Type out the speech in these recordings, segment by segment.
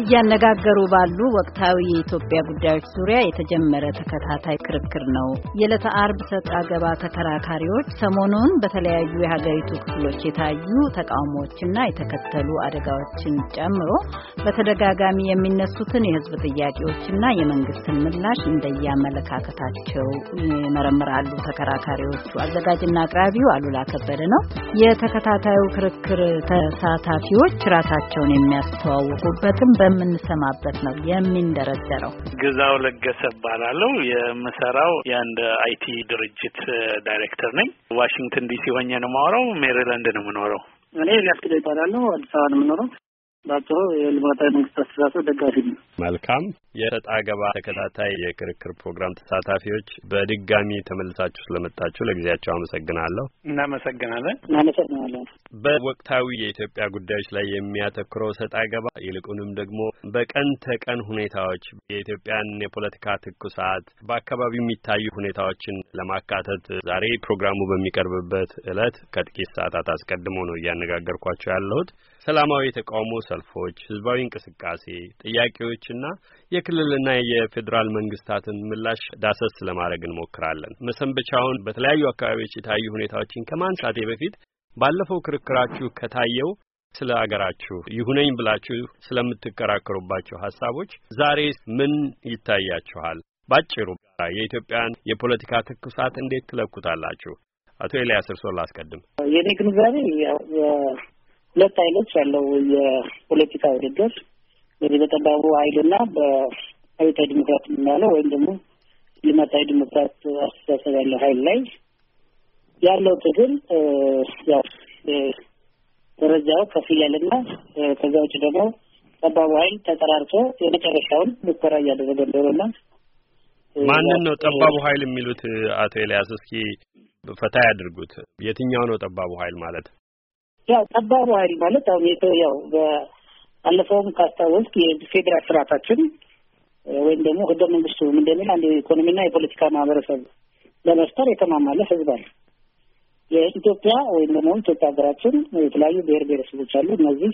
እያነጋገሩ ባሉ ወቅታዊ የኢትዮጵያ ጉዳዮች ዙሪያ የተጀመረ ተከታታይ ክርክር ነው። የዕለተ አርብ ሰጥ አገባ ተከራካሪዎች ሰሞኑን በተለያዩ የሀገሪቱ ክፍሎች የታዩ ተቃውሞዎችና የተከተሉ አደጋዎችን ጨምሮ በተደጋጋሚ የሚነሱትን የሕዝብ ጥያቄዎችና የመንግስትን ምላሽ እንደየአመለካከታቸው ይመረምራሉ። ተከራካሪዎቹ አዘጋጅና አቅራቢው አሉላ ከበደ ነው። የተከታታዩ ክርክር ተሳታፊዎች ራሳቸውን የሚያስተዋውቁበትም በ በምንሰማበት ነው የሚንደረደረው። ግዛው ለገሰ እባላለሁ። የምሰራው የአንድ አይቲ ድርጅት ዳይሬክተር ነኝ። ዋሽንግተን ዲሲ ሆኜ ነው የማወራው። ሜሪላንድ ነው የምኖረው። እኔ ሊያስገዳ ይባላለሁ። አዲስ አበባ ነው የምኖረው። ባጭሩ የልማታዊ መንግስት አስተሳሰብ ደጋፊ ነው። መልካም የሰጣ ገባ ተከታታይ የክርክር ፕሮግራም ተሳታፊዎች በድጋሚ ተመልሳችሁ ስለመጣችሁ ለጊዜያቸው አመሰግናለሁ። እናመሰግናለን። እናመሰግናለን። በወቅታዊ የኢትዮጵያ ጉዳዮች ላይ የሚያተኩረው ሰጣ ገባ ይልቁንም ደግሞ በቀን ተቀን ሁኔታዎች የኢትዮጵያን የፖለቲካ ትኩሳት በአካባቢው የሚታዩ ሁኔታዎችን ለማካተት ዛሬ ፕሮግራሙ በሚቀርብበት እለት ከጥቂት ሰዓታት አስቀድሞ ነው እያነጋገርኳቸው ያለሁት። ሰላማዊ የተቃውሞ ሰልፎች፣ ህዝባዊ እንቅስቃሴ ጥያቄዎችና የክልልና የፌዴራል መንግስታትን ምላሽ ዳሰስ ለማድረግ እንሞክራለን። መሰንበቻውን በተለያዩ አካባቢዎች የታዩ ሁኔታዎችን ከማንሳቴ በፊት ባለፈው ክርክራችሁ ከታየው ስለ አገራችሁ ይሁነኝ ብላችሁ ስለምትከራከሩባቸው ሀሳቦች ዛሬ ምን ይታያችኋል? ባጭሩ የኢትዮጵያን የፖለቲካ ትኩሳት እንዴት ትለኩታላችሁ? አቶ ኤልያስ እርስዎን ላስቀድም። የኔ ግንዛቤ ሁለት ኃይሎች ያለው የፖለቲካ ውድድር እንግዲህ በጠባቡ ኃይልና በአብዮታዊ ዲሞክራት የምናለው ወይም ደግሞ ልማታዊ ዲሞክራት አስተሳሰብ ያለው ኃይል ላይ ያለው ትግል ያው ደረጃው ከፍ እያለና ከዛ ውጭ ደግሞ ጠባቡ ኃይል ተጠራርቶ የመጨረሻውን ሙከራ እያደረገ እንደሆነና ማንን ነው ጠባቡ ኃይል የሚሉት አቶ ኤልያስ? እስኪ ፈታ ያድርጉት። የትኛው ነው ጠባቡ ኃይል ማለት? ያው ጠባቡ ሀይል ማለት አሁን ያው በአለፈውም ካስታወስክ የፌዴራል ስርዓታችን ወይም ደግሞ ህገ መንግስቱ እንደሚል አንድ የኢኮኖሚና የፖለቲካ ማህበረሰብ ለመፍጠር የተማማለ ህዝብ አለ። የኢትዮጵያ ወይም ደግሞ ኢትዮጵያ ሀገራችን የተለያዩ ብሔር ብሔረሰቦች አሉ። እነዚህ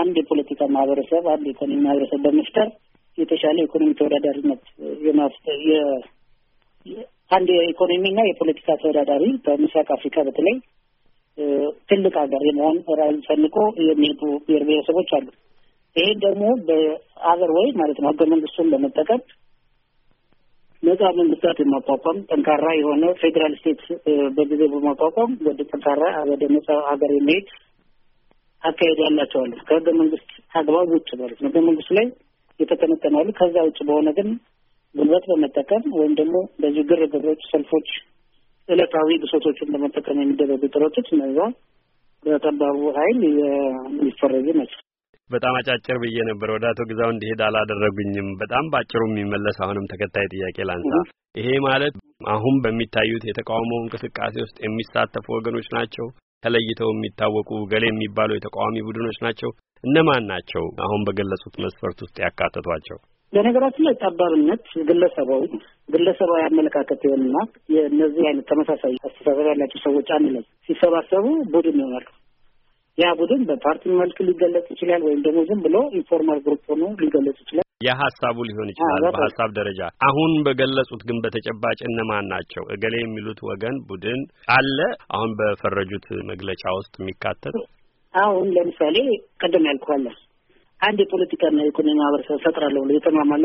አንድ የፖለቲካ ማህበረሰብ፣ አንድ የኢኮኖሚ ማህበረሰብ በመፍጠር የተሻለ የኢኮኖሚ ተወዳዳሪነት አንድ የኢኮኖሚና የፖለቲካ ተወዳዳሪ በምስራቅ አፍሪካ በተለይ ትልቅ ሀገር የመሆን ራዕይን ሰንቆ የሚሄዱ ብሔር ብሔረሰቦች አሉ። ይህን ደግሞ በአገር ወይ ማለት ነው ህገ መንግስቱን በመጠቀም ነጻ መንግስታት የማቋቋም ጠንካራ የሆነ ፌዴራል ስቴት በጊዜ በማቋቋም ወደ ጠንካራ ወደ ነጻ ሀገር የሚሄድ አካሄድ ያላቸዋለን ከህገ መንግስት አግባብ ውጭ ማለት ነው። ህገ መንግስቱ ላይ የተቀነቀናሉ። ከዛ ውጭ በሆነ ግን ጉልበት በመጠቀም ወይም ደግሞ በዚህ ግርግሮች፣ ሰልፎች ዕለታዊ ብሶቶችን ለመጠቀም የሚደረጉ ጥረቶች እነዛ በጠባቡ ኃይል የሚፈረጁ ናቸው። በጣም አጫጭር ብዬ ነበር ወደ አቶ ግዛው እንዲሄድ አላደረጉኝም። በጣም በአጭሩ የሚመለስ አሁንም ተከታይ ጥያቄ ላንሳ። ይሄ ማለት አሁን በሚታዩት የተቃውሞ እንቅስቃሴ ውስጥ የሚሳተፉ ወገኖች ናቸው ተለይተው የሚታወቁ ገሌ የሚባሉ የተቃዋሚ ቡድኖች ናቸው። እነማን ናቸው? አሁን በገለጹት መስፈርት ውስጥ ያካተቷቸው በነገራችን ላይ ጠባብነት ግለሰባዊ ግለሰባዊ አመለካከት የሆንና የእነዚህ አይነት ተመሳሳይ አስተሳሰብ ያላቸው ሰዎች አንድ ላይ ሲሰባሰቡ ቡድን ይሆናሉ። ያ ቡድን በፓርቲ መልክ ሊገለጽ ይችላል፣ ወይም ደግሞ ዝም ብሎ ኢንፎርማል ግሩፕ ሆኖ ሊገለጽ ይችላል። የሀሳቡ ሊሆን ይችላል በሀሳብ ደረጃ። አሁን በገለጹት ግን በተጨባጭ እነማን ናቸው? እገሌ የሚሉት ወገን ቡድን አለ አሁን በፈረጁት መግለጫ ውስጥ የሚካተት አሁን ለምሳሌ ቅድም ያልኳለን አንድ የፖለቲካና የኢኮኖሚ ማህበረሰብ ፈጥራለሁ ብሎ የተማማለ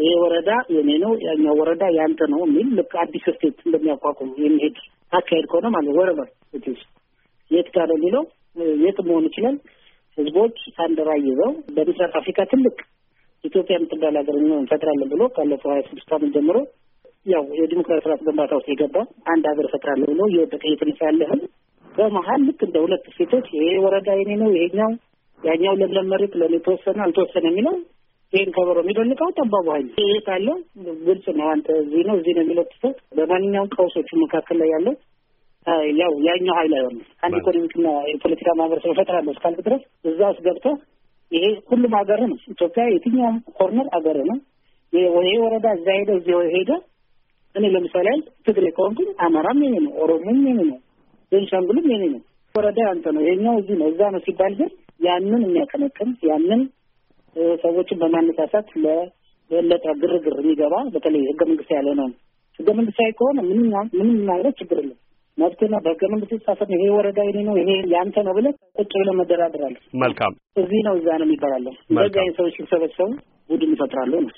ይሄ ወረዳ የኔ ነው፣ ያኛው ወረዳ ያንተ ነው የሚል ልክ አዲስ ስቴት እንደሚያቋቁም የሚሄድ አካሄድ ከሆነ ማለት ወረበር የት ጋር የሚለው የት መሆን ይችላል። ህዝቦች ሳንደራ ይዘው በምስራቅ አፍሪካ ትልቅ ኢትዮጵያ የምትባል ሀገር እንፈጥራለን ብሎ ካለፈው ሀያ ስድስት አመት ጀምሮ ያው የዲሞክራሲ ስርዓት ግንባታ ውስጥ የገባ አንድ ሀገር እፈጥራለሁ ብሎ እየወደቀ እየተነሳ ያለ በመሀል ልክ እንደ ሁለት ሴቶች ይሄ ወረዳ የኔ ነው ይሄኛው ያኛው ለምለም መሬት ለእኔ ተወሰነ አልተወሰነ የሚለው ይህን ከበሮ የሚደልቀው ጠባቡ ኃይል ይህ ካለው ግልጽ ነው። አንተ እዚህ ነው እዚህ ነው የሚለው ትሰጥ በማንኛውም ቀውሶቹ መካከል ላይ ያለው ያው ያኛው ኃይል አይሆንም። አንድ ኢኮኖሚክና የፖለቲካ ማህበረሰብ ፈጥራለሁ እስካልክ ድረስ እዛ ውስጥ ገብተህ ይሄ ሁሉም ሀገር ነው። ኢትዮጵያ የትኛውም ኮርነር ሀገር ነው። ይሄ ወረዳ እዛ ሄደ እዚ ሄደ። እኔ ለምሳሌ ያህል ትግሬ ከሆንኩኝ አማራም የኔ ነው፣ ኦሮሞም የኔ ነው፣ ቤንሻንጉልም የኔ ነው። ወረዳ ያንተ ነው፣ ይሄኛው እዚህ ነው እዛ ነው ሲባል ግን ያንን የሚያቀነቅን ያንን ሰዎችን በማነሳሳት ለበለጠ ግርግር የሚገባ በተለይ ህገ መንግስት ያለ ነው። ህገ መንግስታዊ ከሆነ ምንም ምንም ማለት ችግር የለም። መብትና በህገ መንግስት የተጻፈ ይሄ ወረዳ የኔ ነው፣ ይሄ ያንተ ነው ብለ ቁጭ ብለ መደራደር መልካም እዚህ ነው እዛ ነው የሚባላለን። እንደዚህ አይነት ሰዎች ሲሰበሰቡ ቡድን ይፈጥራሉ ነው።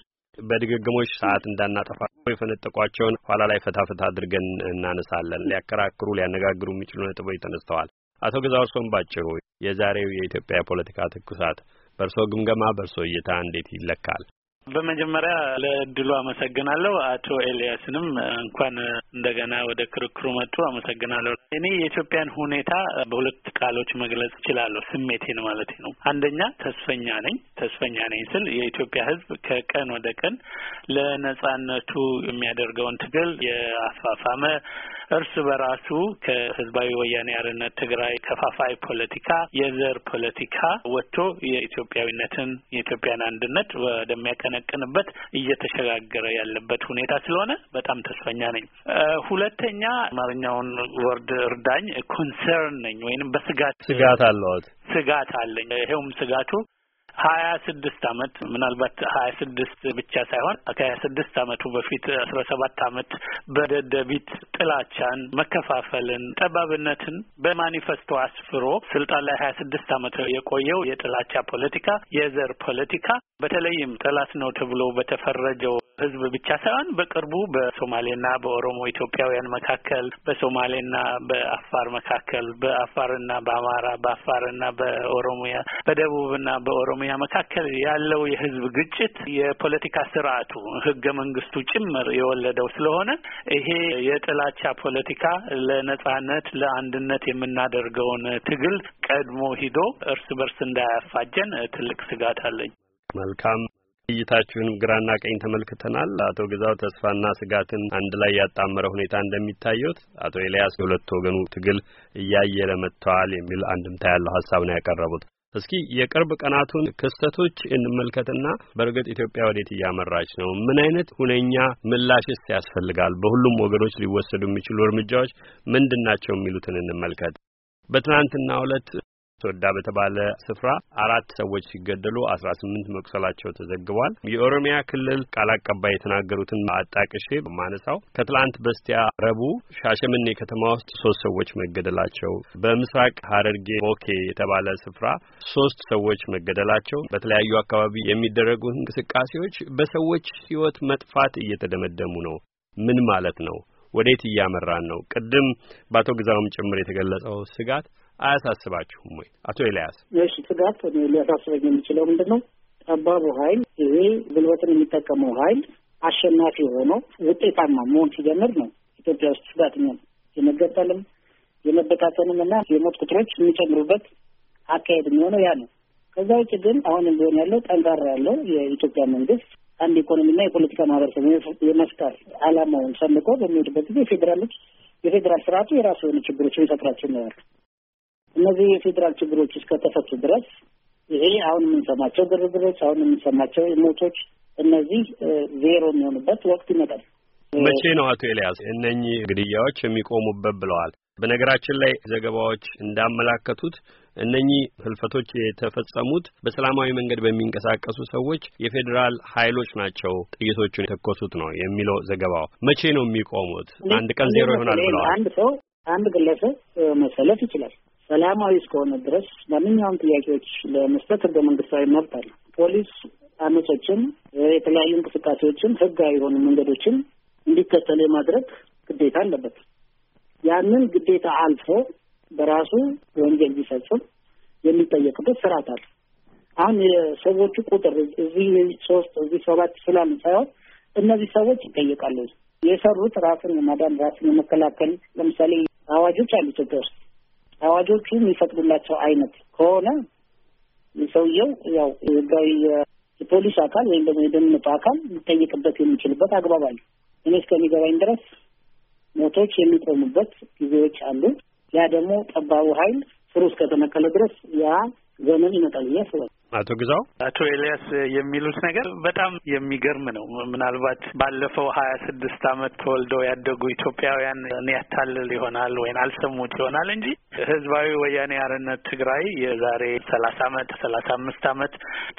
በድግግሞች ሰዓት እንዳናጠፋ የፈነጠቋቸውን ኋላ ላይ ፈታፈታ አድርገን እናነሳለን። ሊያከራክሩ ሊያነጋግሩ የሚችሉ ነጥቦች ተነስተዋል። አቶ ገዛው እርስዎን ባጭሩ የዛሬው የኢትዮጵያ የፖለቲካ ትኩሳት በእርስዎ ግምገማ በእርስዎ እይታ እንዴት ይለካል? በመጀመሪያ ለእድሉ አመሰግናለሁ። አቶ ኤልያስንም እንኳን እንደገና ወደ ክርክሩ መጡ። አመሰግናለሁ። እኔ የኢትዮጵያን ሁኔታ በሁለት ቃሎች መግለጽ እችላለሁ፣ ስሜቴን ማለት ነው። አንደኛ ተስፈኛ ነኝ። ተስፈኛ ነኝ ስል የኢትዮጵያ ሕዝብ ከቀን ወደ ቀን ለነጻነቱ የሚያደርገውን ትግል የአፋፋመ እርስ በራሱ ከህዝባዊ ወያኔ አርነት ትግራይ ከፋፋይ ፖለቲካ፣ የዘር ፖለቲካ ወጥቶ የኢትዮጵያዊነትን የኢትዮጵያን አንድነት ወደሚያቀነቅንበት እየተሸጋገረ ያለበት ሁኔታ ስለሆነ በጣም ተስፈኛ ነኝ። ሁለተኛ አማርኛውን ወርድ እርዳኝ፣ ኮንሰርን ነኝ ወይም በስጋት ስጋት አለዎት? ስጋት አለኝ። ይኸውም ስጋቱ ሀያ ስድስት አመት ምናልባት ሀያ ስድስት ብቻ ሳይሆን ከሀያ ስድስት አመቱ በፊት አስራ ሰባት አመት በደደቢት ጥላቻን፣ መከፋፈልን፣ ጠባብነትን በማኒፌስቶ አስፍሮ ስልጣን ላይ ሀያ ስድስት አመት የቆየው የጥላቻ ፖለቲካ፣ የዘር ፖለቲካ በተለይም ጠላት ነው ተብሎ በተፈረጀው ህዝብ ብቻ ሳይሆን በቅርቡ በሶማሌና በኦሮሞ ኢትዮጵያውያን መካከል፣ በሶማሌና በአፋር መካከል፣ በአፋርና በአማራ፣ በአፋርና በኦሮሚያ፣ በደቡብና በኦሮሞ ኦሮሚያ መካከል ያለው የህዝብ ግጭት የፖለቲካ ስርዓቱ ህገ መንግስቱ ጭምር የወለደው ስለሆነ ይሄ የጥላቻ ፖለቲካ ለነጻነት ለአንድነት የምናደርገውን ትግል ቀድሞ ሂዶ እርስ በርስ እንዳያፋጀን ትልቅ ስጋት አለኝ። መልካም እይታችሁን ግራና ቀኝ ተመልክተናል። አቶ ግዛው ተስፋና ስጋትን አንድ ላይ ያጣመረ ሁኔታ እንደሚታየት፣ አቶ ኤልያስ የሁለት ወገኑ ትግል እያየለ መጥተዋል የሚል አንድምታ ያለው ሀሳብ ነው ያቀረቡት። እስኪ የቅርብ ቀናቱን ክስተቶች እንመልከትና በእርግጥ ኢትዮጵያ ወዴት እያመራች ነው? ምን አይነት ሁነኛ ምላሽስ ያስፈልጋል? በሁሉም ወገኖች ሊወሰዱ የሚችሉ እርምጃዎች ምንድን ናቸው? የሚሉትን እንመልከት። በትናንትና ዕለት ወዳ በተባለ ስፍራ አራት ሰዎች ሲገደሉ አስራ ስምንት መቁሰላቸው ተዘግቧል። የኦሮሚያ ክልል ቃል አቀባይ የተናገሩትን አጣቅሼ በማነሳው ከትላንት በስቲያ ረቡዕ ሻሸመኔ ከተማ ውስጥ ሶስት ሰዎች መገደላቸው፣ በምስራቅ ሀረርጌ ቦኬ የተባለ ስፍራ ሶስት ሰዎች መገደላቸው በተለያዩ አካባቢ የሚደረጉ እንቅስቃሴዎች በሰዎች ህይወት መጥፋት እየተደመደሙ ነው። ምን ማለት ነው? ወዴት እያመራን ነው? ቅድም በአቶ ግዛውም ጭምር የተገለጸው ስጋት አያሳስባችሁም ወይ አቶ ኤልያስ? እሺ ስጋት ሊያሳስበኝ የሚችለው ምንድን ነው? ጠባቡ ኃይል ይሄ ጉልበትን የሚጠቀመው ኃይል አሸናፊ ሆነው ውጤታማ መሆን ሲጀምር ነው ኢትዮጵያ ውስጥ ስጋትኛ የመገጠልም የመበታተንም እና የሞት ቁጥሮች የሚጨምሩበት አካሄድ የሚሆነው ያ ነው። ከዛ ውጭ ግን አሁን ቢሆን ያለው ጠንካራ ያለው የኢትዮጵያ መንግስት አንድ ኢኮኖሚና የፖለቲካ ማህበረሰብ የመፍጠር አላማውን ሰንቆ በሚሄድበት ጊዜ ፌዴራሎች የፌዴራል ስርዓቱ የራሱ የሆነ ችግሮችን ይፈጥራቸው ነው ያሉ እነዚህ የፌዴራል ችግሮች እስከተፈቱ ድረስ ይሄ አሁን የምንሰማቸው ግርግሮች፣ አሁን የምንሰማቸው ሞቶች እነዚህ ዜሮ የሚሆኑበት ወቅት ይመጣል። መቼ ነው አቶ ኤልያስ እነኚህ ግድያዎች የሚቆሙበት ብለዋል? በነገራችን ላይ ዘገባዎች እንዳመላከቱት እነኚህ ህልፈቶች የተፈጸሙት በሰላማዊ መንገድ በሚንቀሳቀሱ ሰዎች የፌዴራል ኃይሎች ናቸው ጥይቶቹን የተኮሱት ነው የሚለው ዘገባው። መቼ ነው የሚቆሙት? አንድ ቀን ዜሮ ይሆናል ብለዋል። አንድ ሰው አንድ ግለሰብ መሰለፍ ይችላል። ሰላማዊ እስከሆነ ድረስ ማንኛውም ጥያቄዎች ለመስጠት ህገ መንግስታዊ መብት አለ። ፖሊስ አመጾችን፣ የተለያዩ እንቅስቃሴዎችን ህጋዊ የሆኑ መንገዶችን እንዲከተሉ የማድረግ ግዴታ አለበት። ያንን ግዴታ አልፎ በራሱ ወንጀል ቢፈጽም የሚጠየቅበት ስርዓት አለ። አሁን የሰዎቹ ቁጥር እዚህ ሶስት እዚህ ሰባት ስላሉ ሳይሆን እነዚህ ሰዎች ይጠየቃሉ። የሰሩት ራስን የማዳን ራስን የመከላከል ለምሳሌ አዋጆች አሉ ኢትዮጵያ ውስጥ አዋጆቹ የሚፈቅዱላቸው አይነት ከሆነ ሰውየው ያው ህጋዊ የፖሊስ አካል ወይም ደግሞ የደህንነቱ አካል ሊጠየቅበት የሚችልበት አግባብ አለ። እኔ እስከሚገባኝ ድረስ ሞቶች የሚቆሙበት ጊዜዎች አሉ። ያ ደግሞ ጠባቡ ኃይል ስሩ እስከተመከለ ድረስ ያ ዘመን ይመጣል ብዬ አስባለሁ። አቶ ግዛው አቶ ኤልያስ የሚሉት ነገር በጣም የሚገርም ነው። ምናልባት ባለፈው ሀያ ስድስት አመት ተወልደው ያደጉ ኢትዮጵያውያን እኔ ያታልል ይሆናል ወይም አልሰሙት ይሆናል እንጂ ህዝባዊ ወያኔ አርነት ትግራይ የዛሬ ሰላሳ አመት ሰላሳ አምስት አመት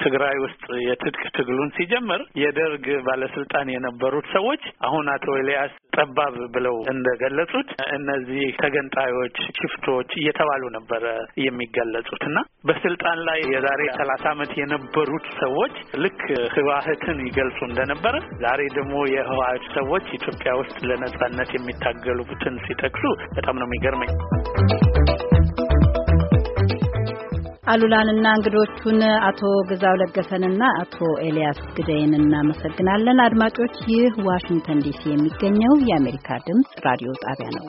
ትግራይ ውስጥ የትጥቅ ትግሉን ሲጀምር የደርግ ባለስልጣን የነበሩት ሰዎች አሁን አቶ ኤልያስ ጠባብ ብለው እንደገለጹት እነዚህ ተገንጣዮች ሽፍቶች እየተባሉ ነበረ የሚገለጹት እና በስልጣን ላይ የዛሬ ሰላሳ ዓመት የነበሩት ሰዎች ልክ ህዋህትን ይገልጹ እንደነበረ ዛሬ ደግሞ የህዋህት ሰዎች ኢትዮጵያ ውስጥ ለነጻነት የሚታገሉትን ሲጠቅሱ በጣም ነው የሚገርመኝ። አሉላንና እንግዶቹን አቶ ግዛው ለገሰንና አቶ ኤልያስ ግደይን እናመሰግናለን። አድማጮች፣ ይህ ዋሽንግተን ዲሲ የሚገኘው የአሜሪካ ድምፅ ራዲዮ ጣቢያ ነው።